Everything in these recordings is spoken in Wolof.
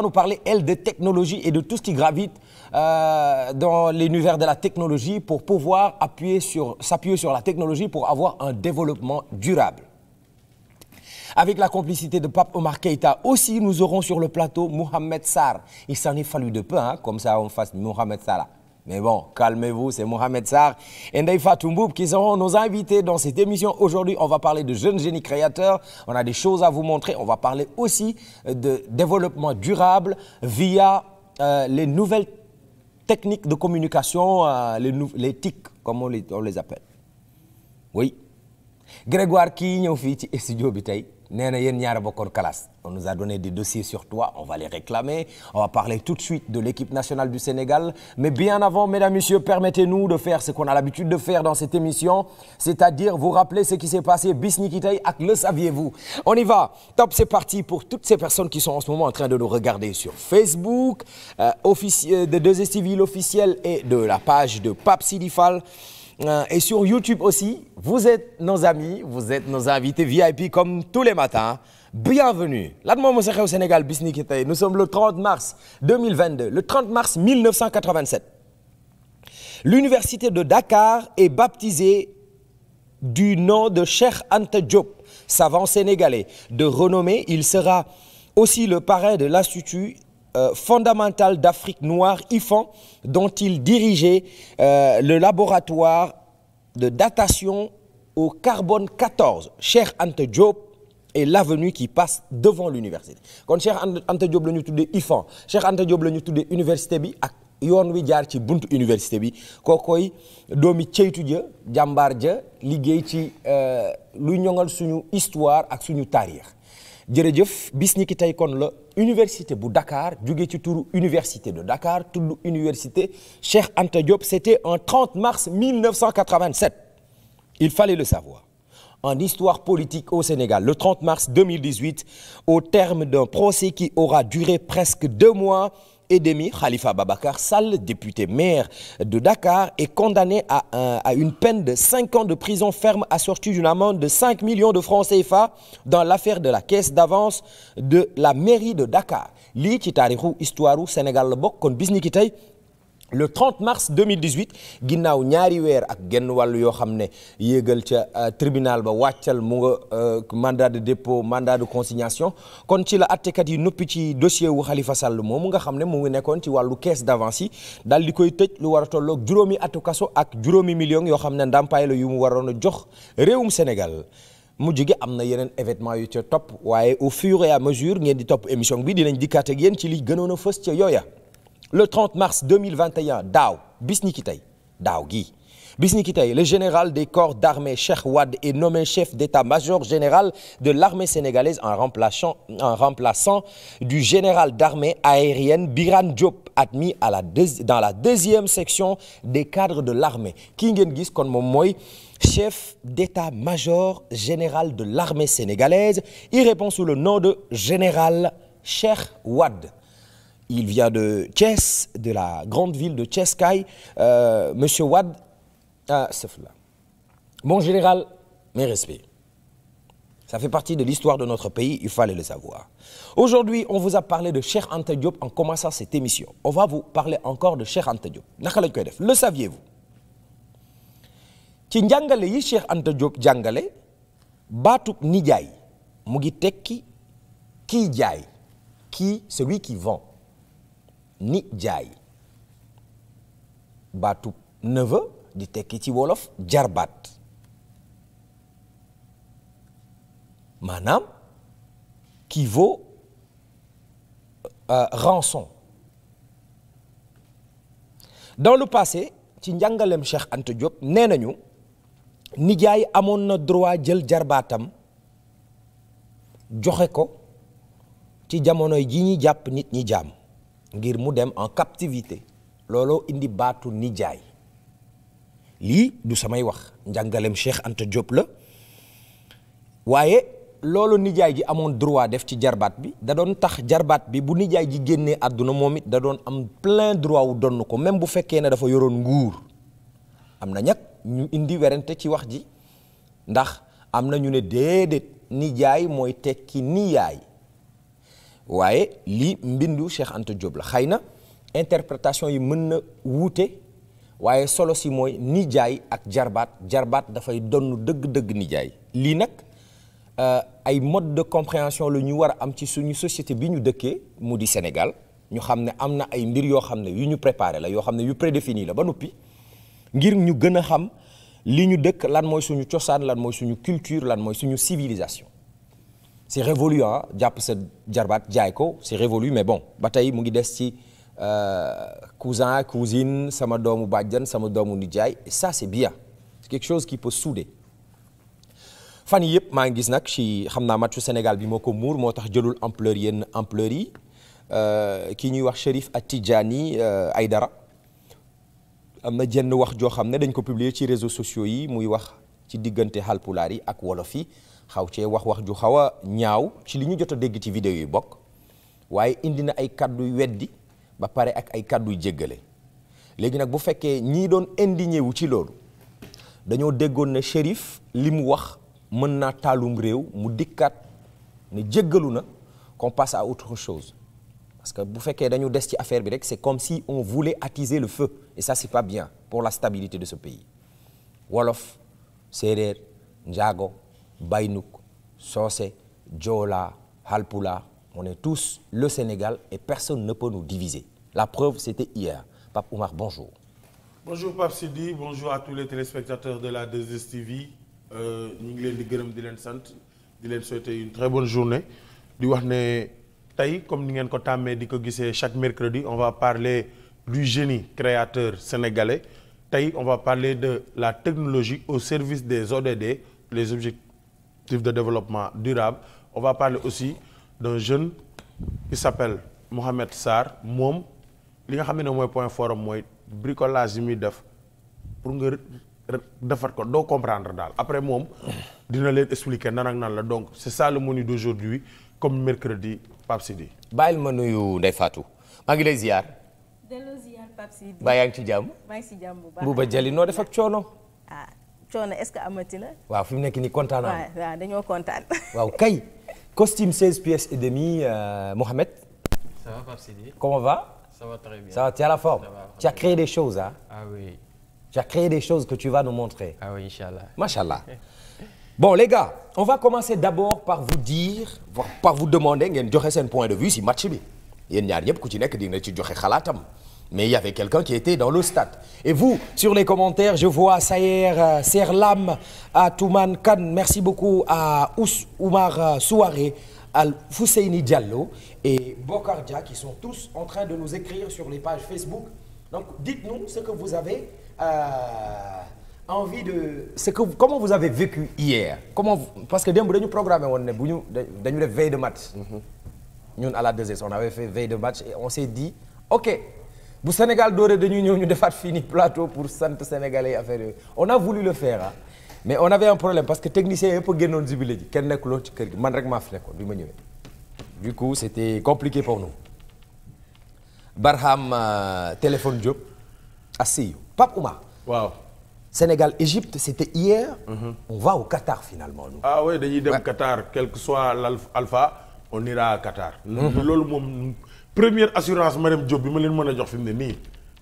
va nous parler, elle, de technologie et de tout ce qui gravite euh, dans l'univers de la technologie pour pouvoir appuyer s'appuyer sur la technologie pour avoir un développement durable. Avec la complicité de Pape Omar Keïta aussi, nous aurons sur le plateau Mohamed Sarr. Il s'en est fallu de peu, comme ça on fasse Mohamed Sarr. Mais bon, calmez-vous, c'est Mohamed Sarr et Ndeye Fatou Mboup qui seront nos invités dans cette émission. Aujourd'hui, on va parler de jeunes génies créateurs, on a des choses à vous montrer, on va parler aussi de développement durable via euh, les nouvelles techniques de communication, euh, les, les TIC, comme on les, on appelle. Oui. Grégoire kii ñëw fii ci studio bi tey nee na yéen ñaara bokkoon classe on nous a donné des dossiers sur toi on va les réclamer on va parler tout de suite de l'équipe nationale du Sénégal mais bien avant mesdames messieurs permettez-nous de faire ce qu'on a l'habitude de faire dans cette émission c'est-à-dire vous rappeler ce qui s'est passé bis ak le saviez-vous on y va top c'est parti pour toutes ces personnes qui sont en ce moment en train de nous regarder sur Facebook euh, euh, de 2STV Euh, et sur YouTube aussi, vous êtes nos amis, vous êtes nos comme tous les matins. Bienvenue. lan moo mos a xew Sénégal bis ni ki tey nous sommes le 30 mars 2022, le 30 mars 1987. L'université de Dakar est baptisée du nom de Cheikh Anta Diop, savant sénégalais de renommée. Il aussi le parrain de l'Institut Euh, fondamentale d'Afrique noire, IFAN, dont il dirigeait euh, le laboratoire de datation au carbon 14 Cheikh Anta Diop et l'avenue qui passe devant l'université kon Cheikh Anta Diop la ñu tuddee IFAN Cheikh Anta job la ñu tuddee université bi ak yoon wi jaar ci buntu université bi kookoy doomi ceytu ja jàmbaar ja liggéey ci euh, luy ñoŋal suñu histoire ak suñu taarix jërëjëf bis ñi tey kon la université bu Dakar jóge ci turu université de Dakar tudd université Cheikh Anta Diop c'était en 30 mars 1987 il fallait le savoir en histoire politique au Sénégal le 30 mars 2018 au terme d'un procès qui aura duré presque deux mois et demi, Khalifa Babacar Sall, député maire de Dakar, est condamné à, un, à une peine de 5 ans de prison ferme assortie d'une amende de 5 millions de francs CFA dans l'affaire de la caisse d'avance de la mairie de Dakar lii ci taarixu histoire u Sénégal la bokk kon bis ni tey le 30 mars 2018 ginnaaw ñaari weer ak genn wàllu yoo xam ne yéegal ca euh, tribunal ba wàccal mu nga euh, mandat de dépôt mandat de consignation kon ci la attekat yi noppi ci dossier wu xalifa Sall moomu nga xam ne mu ngi nekkoon ci wàllu caisse d'avance yi daal di koy tëj lu war a tolloog juróomi atu kaso ak juróomi millions yoo xam ne ndàmpaay la yu mu waroon a jox réewum Sénégal mujj gi am na yeneen événement yu ca topp waaye au fur et à mesure ngeen di topp émission bi dinañ dikkaat ak ci li gënoon a fës ca yooya. le 30 mars 2021 daaw bis ni ki tey daaw gii bis le général des corps d'armée Cheikh Wade est nommé chef d'état-major général de l'armée sénégalaise en remplaçant en remplaçant du général d'armée aérienne Birane Diop admis à la deuxi dans la deuxième section des cadres de l'armée kii ngeen gis kon moom mooy chef d'état-major général de l'armée sénégalaise il répond sous le nom de général Cheikh Wade Il vient de de la grande ville de Thiès Kaye. Euh, monsieur Wade, ah, là. Bon général, mes respects. Ça fait partie de l'histoire de notre pays, il fallait le savoir. Aujourd'hui, on vous a parlé de Cheikh Anta Diop en commençant cette émission. On va vous parler encore de Cheikh Anta Diop. Naka lañ koy def le saviez-vous ci njàngale yi Cheikh Anta Diop jàngale baatub nijaay mu ngi tekki kii jaay kii celui qui vend ni jaay baatu neveu di tekki ci wolof jarbaat maanaam qui vaut euh, dans le passé ci njàngalem Cheikh Anta Diop nee nañu nijaay amoon na droit jël jarbaatam joxe ko ci jamono ji ñi jàpp nit ñi jaam ngir mu dem en captivité looloo indi baatu nijaay lii du samay wax njàngaleem Cheikh Anta Diop la waaye loolu nijaay ji amoon droit def ci jarbaat bi da doon tax jarbaat bi bu nijaay ji génnee àdduna moom it da doon am plein droit wu donn ko même bu fekkee ne dafa yoroon nguur am na ñag ñu indi werante ci wax ji ndax am na ñu ne déedéet nijaay mooy tekki niyaay waaye lii mbindu Cheikh Anta Diop la xëy na interprétation yi mën na wuute waaye solo si mooy nijaay ak jarbaat jarbaat dafay donn dëgg-dëgg nijaay lii nag euh, ay mode de compréhension la ñu war a am ci suñu société bi ñu dëkkee mu di Sénégal ñu xam ne am na ay mbir yoo xam ne yu ñu préparé la yoo xam ne yu prédéfini la ba noppi ngir ñu gën a xam li ñu dëkk lan mooy suñu cosaan lan mooy suñu culture lan mooy suñu civilisation c'est révolu jàpp sa jarbaat jaay ko c'est révolu mais bon ba tey mu ngi des ci euh, cousin cousine sama doomu bàjjan sama doomu nijaay et ça c'est bien c'est quelque chose qui peut souder fan yii yëpp maa ngi gis nag ci xam naa matchu Sénégal bi moo ko muur moo tax jëlul ampleur yenn ampleur yi euh, kii ñuy wax Chérif ay euh, dara am na jenn wax joo xam ne dañ ko publier ci réseau sociaux yi muy wax ci diggante halpulaar yi ak wolof yi xaw cee wax wax ju xaw a ñaaw ci li ñu jot a dégg ci vidéo yi bokk waaye indi na ay kàddu weddi ba pare ak ay kàddu jéggale léegi nag bu fekkee ñii doon indigné wu ci loolu dañoo déggoon ne shérif li mu wax mën naa taalum réew mu dikkaat ne jéggalu na qu'on passe à autre chose parce que bu fekkee dañu des ci affaire bi rek c'est comme si on voulait attiser le feu et ça c'est pas bien pour la stabilité de ce pays wolof séeréer njaago Baïnouk, Sossé, Diola, Halpula, on est tous le Sénégal et personne ne peut nous diviser. La preuve, c'était hier. Pape Oumar, bonjour. Bonjour Pape Sidi, bonjour à tous les téléspectateurs de la 2STV. Euh, ñu ngi leen di gërëm di leen sant di leen souhaiter une très bonne journée di wax ne tey comme ni ngeen ko tàmmee di ko gisee chaque mercredi on va parler du génie créateur sénégalais tey on va parler de la technologie au service des ODD les objectifs objectifs de développement durable on va parler aussi d'un jeune qui s'appelle Mohamed Sarr moom li nga xam ne mooy point fort mooy bricolage yi muy def pour nga defar ko doo comprendre daal après moom dina leen expliquer nan ak nan la donc c'est ça le menu d'aujourd'hui comme mercredi Pape Sidi. bàyyil ma nuyu Ndeye Fatou maa ngi lay ziar. delloo ziar ci jàmm. maa ngi noo def ak coono. Ah, coono est-ce que amati na. waaw fi mu nekk ni kontaan naa. waaw waaw dañoo kontaan. waaw kay costume 16 pièces et demi euh, Mohamed. ça va Pape Sidi. comment va. ça va très bien ça va tu as la forme. ça va tu des choses ah. ah oui. tu des choses que tu vas nous montrer. ah macha allah. bon les gars on va commencer d'abord par vous dire par vous demander ngeen joxe seen point de vue si match bi yéen ñaar ñëpp ku ci nekk dina ci joxe xalaatam. Mais il y avait quelqu'un qui était dans le stade. Et vous, sur les commentaires, je vois Sayer euh, Serlam, à Touman Khan, merci beaucoup à Ous Oumar euh, Souaré, à Fousseini Diallo et Bokardia qui sont tous en train de nous écrire sur les pages Facebook. Donc dites-nous ce que vous avez euh, envie de ce que comment vous avez vécu hier. Comment vous, parce que démb dañu programmé woon ne bu ñu dañu def veille de match. Mhm. ñun à la 2S on avait fait veille de match et on s'est dit OK. bu Sénégal dooree dañuy ñëw ñu defaat fii nii plateau pour sant sénégalais affaire yooyu on a voulu le faire mais on avait un problème parce que techniciens yëpp a génnoon jubile ji kenn nekkuloon ci kër gi man rek maa fi nekkoon bi ma ñëwee du coup c'était compliqué pour nous Barham euh, téléphone Diop Asseyou Pape Ouma waaw Sénégal Égypte c'était hier mm-hmm. on va au Qatar finalement ah oui dañuy dem Qatar quel que soit l'alpha on ira à Qatar mhm. loolu moom première assurance ma Marème Diop bi ma leen mën a jox fi mu ne nii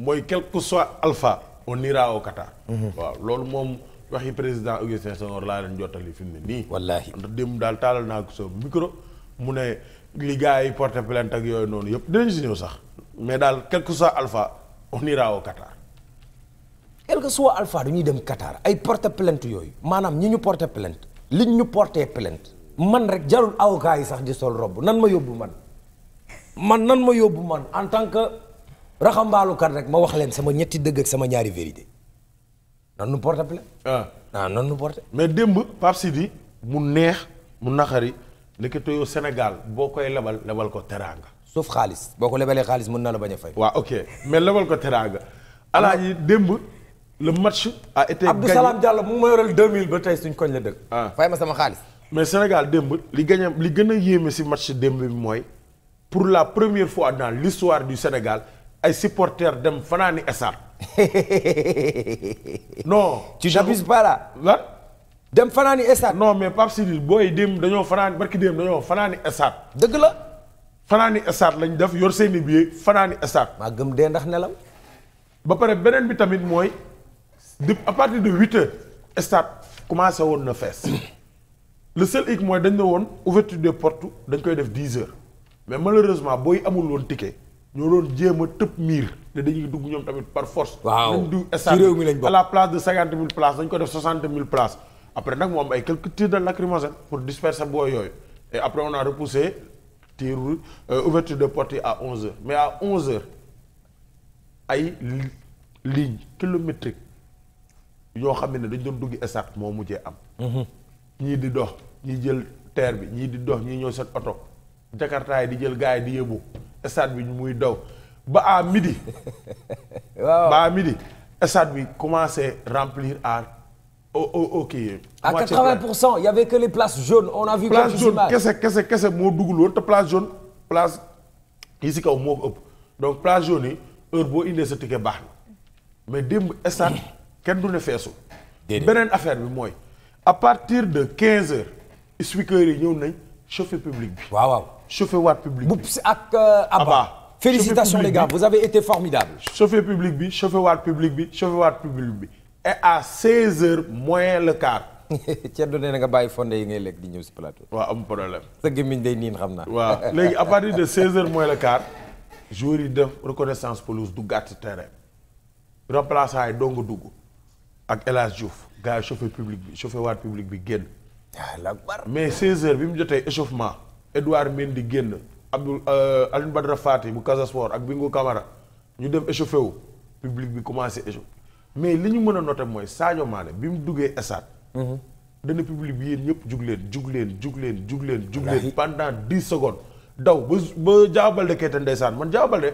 mooy quel que soit alpha on ira au Qatar. Mhm. waaw loolu moom waxi président Augustin Senghor laa leen jottali fi mu ne nii. wallaahi ndax démb daal taalal naa ko sa micro mu ne li gars yi porté plainte ak yooyu noonu yëpp dinañ si ñëw sax mais daal quel que soit alpha on ira au Qatar. quel que alpha dañuy dem Qatar ay porte plainte yooyu maanaam ñi ñu porté plainte liñ ñu porté plainte man rek jarul avocat yi sax di sol robb nan ma yóbbu man. man nan ma yóbbu man en tant que kan rek ma wax leen sama ñetti dëgg ak sama ñaari vérité nan nu porté plainte ah, ah nu porté mais démb Pape Sidi mu neex mu naqari ndeketoo yow Sénégal boo koy lebal lebal ko teraanga sauf xaalis boo ko lebalee xaalis mun na la bañ a fay waa ok mais lebal ko teraanga alaaji démb la match a été Abdou Salam Diallo mu ngi ma yoral 2000 ba tey suñ koñ la dëkk ah. fay ma sama xaalis mais Sénégal démb li gañe li gën a yéeme si match démb bi mooy pour la première fois dans l'histoire du Sénégal ay supporters dem fanaani esar non. ci n'abuses pas là. lan. dem fanaani esar. non mais Pape booy dem dañoo fanaan barki dem dañoo fanaani esar. dëgg la. fanaani esar lañ def yor seeni billet fanaani esar. maa gëm dee ndax nelaw. ba pare beneen bi tamit mooy. de à partir de huit heures. stade commencé woon na fees. le seul hic mooy dañ la woon ouverture de portes dañ koy def dix heures. mais malheureusement booy amul woon ticket ñoo doon jéem a tëb miir ne dañuy dugg ñoom tamit par force. waaw nañ dugg stade réew mi lañ bokk place mille places dañ ko def soixante mille places après nag mu am ay quelques tirs de lacrymogène pour disperser booy yooyu et après on a repoussé tir euh, ouverture de porte yi à onze heures mais à onze heures ay ligne kilométrique yoo xam ne dañ doon dugg stade moo mujjee am. Mhm. ñii di dox ñii jël teer bi ñii di dox ñii ñëw seen oto. jakartaay di jël gars yi di yóbbu stade bi ñu muy daw ba à midi. waaw ba à midi stade bi commencé remplir à au au au kii yëpp. à 80 pour cent y avait que les places jaunes on a vu. place jaune kese kese kese moo duggul woon te place jaune place yi si kaw moo ëpp donc place jaune yi heure boo indee sa ticket baax na mais démb stade kenn du ne feesu. beneen affaire bi mooy à partir de 15 heures expliqueurs yi ñëw nañ chauffeur public bi chauffeur waat public bi ak euh, Abba. félicitations les gars vous avez été formidables. chauffeur public bi chauffeur waat public bi chauffeur waat bi. et à 16h moins le quart. Thierno nee na nga bàyyi fonde yi ngay lekk di ñëw si plateau. waaw am problème. sa gémmiñ day niin xam na waa léegi à partir de 16h moins le quart. joueurs yi def reconnaissance pelouse du gàtt terrain. remplaçant yi dong dugg. ak El Hadj Diouf gars yi chauffeur public bi chauffeur waat public bi génn. mais 16h bi mu jotee échauffement. Edouard di génn Abdoul euh, Alioune Badara Fati bu Casa Sport ak Bingu Camara ñu dem échauffé wu public bi commencé échauffé mais li ñu mën a noté mooy saajo Mané bi mu duggee esaat. Mhm. dana public bi yéen ñëpp jug leen jug leen jug leen jug leen jug leen pendant dix secondes daw ba ba jaabal de kayita ndeysaan man jaabal de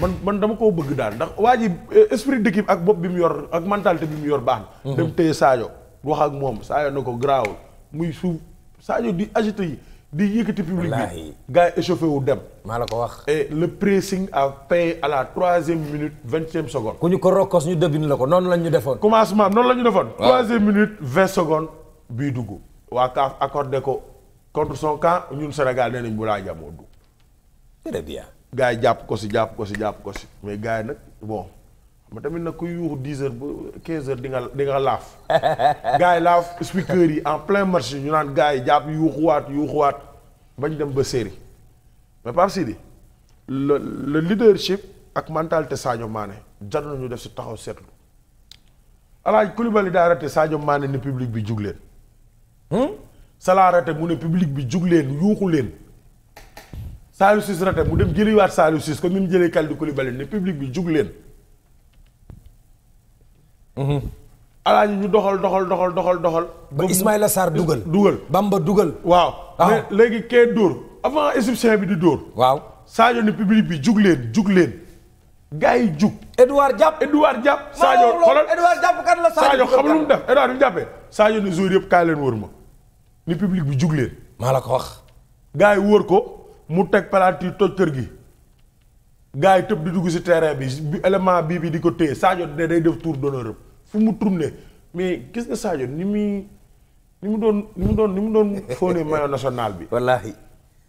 man man dama koo bëgg daal ndax waa ji euh, esprit d'équipe ak bopp bi mu yor ak mentalité bi mu yor baax na. Mhm. dem téye Sadio wax ak moom Sadio na ko garaawul muy suuf Sadio di agité di yëkkati public bi gars yi wu dem. maa la ko wax. et le pressing a payé à la troisième minute vingtième seconde. ku ñu ko rokkos ñu dëbbin la ko noonu la ñu defoon. commencement noonu la ñu defoon. troisième minute vingt secondes bii dugg. waa CAF accordé ko contre son camp ñun Sénégal nee nañ bu laa jàmmoo dugg. très gars yi jàpp ko si jàpp ko si jàpp ko si mais gars yi nag bon. ma tamit nag kuy yuuxu dix heures ba quinze heures dinga nga di nga laaf. gars yi laaf speaker yi en plein marché ñu naan gars yi jàpp yuuxuwaat yuuxuwaat bañ dem ba série mais Pape Sidi le le leadership ak mentalité Sadio maane jar nañu def si taxaw seetlu alaaj Koulibaly daa raté Sadio Mané ne public bi jug leen. Hmm? Salah raté mu ne public bi jug yuuxu leen. Saliou Ciss raté mu dem jëliwaat Saliou Ciss comme ni mu jëlee Kalidou Koulibaly ne public bi jug leen. alaaji ñu doxal doxal doxal doxal doxal. ba Ismaïla Sarr dugal dugal. Bamba dugal. waaw ah. mais léegi kee dóor avant égyptien bi di dóor. waaw Sadio ni public bi jug leen jug leen. gars yi jug. Edouard Diab Edouard Diab. Sadio xoolal Edouard Diab kan xam lu mu def Edouard bi mu jàppee. Sadio ni joueur yëpp kaay leen wër ma ni public bi jug leen. maa la ko wax. gars yi wër ko mu teg palaat yi toj kër gi. gars yi tëb di dugg si terrain bi élément bii bi di ko téye Sadio de day def tour d'honneur fu mu tourné mais gis nga Sadio ni muy ni mu doon ni mu doon ni mu doon fóonee maillot national bi. wallaahi.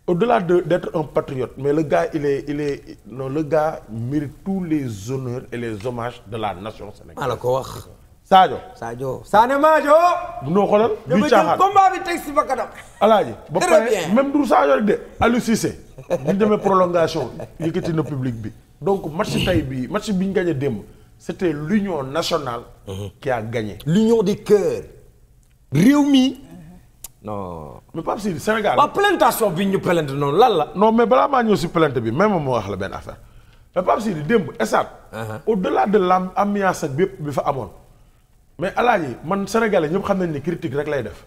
au-delà de d'être un patriote mais le gars il est il est non le gars mérite tous les honneurs et les hommages de la nation sénégalaise. maa la ko wax. saajo Sadio. Sané Madio. noo xoolal. du caaxaan combat bi teg si ba kanam. alaaji ba pare même du Sadio rek de. Aliou Cissé. bu demee prolongation yëkkati na public bi. donc match tay bi match bi ñu gagné démb. c'était l'union nationale. Mhm. qui a gagné. l'union des cœurs. réew mi. non. mais Pape Sidi Sénégal. waaw plantation bi ñu plante noonu lan la. non mais balaa maa ñëw si plante bi même moo wax la benn affaire mais Pape Sidi démb esat uh-huh. au delà de l'ambiance ak bépp bi fa amoon. mais alaaji man sénégalais ñëpp xam nañ ni critique rek lay def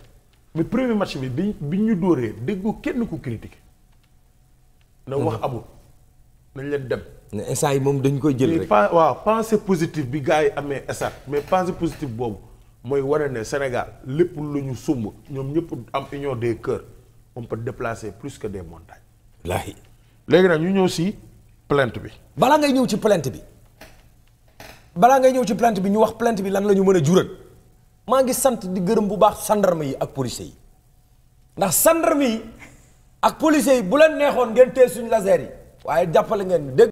mais premier match bi bi bi ñu dóoree déggu kenn ku critique na wax uh-huh. amul nañ leen dem. ne instant yi moom dañ koy jël rek waaw pensée positive bi gars yi amee esat mais pensée positive boobu mooy wane ne Sénégal lépp lu ñu sumb ñoom ñëpp am union des cœurs on peut déplacer plus que des montagnes. wallaahi. léegi nag ñu ñëw si plainte bi. balaa ngay ñëw ci plainte bi balaa ngay ñëw ci plainte bi ñu wax plant bi lan la ñu mën a jural maa ngi sant di gërëm bu baax sandarma yi ak policiers yi ndax sandarma yi ak policiers yi bu leen neexoon ngeen teel suñu laser yi waaye jàppale ngeen dégg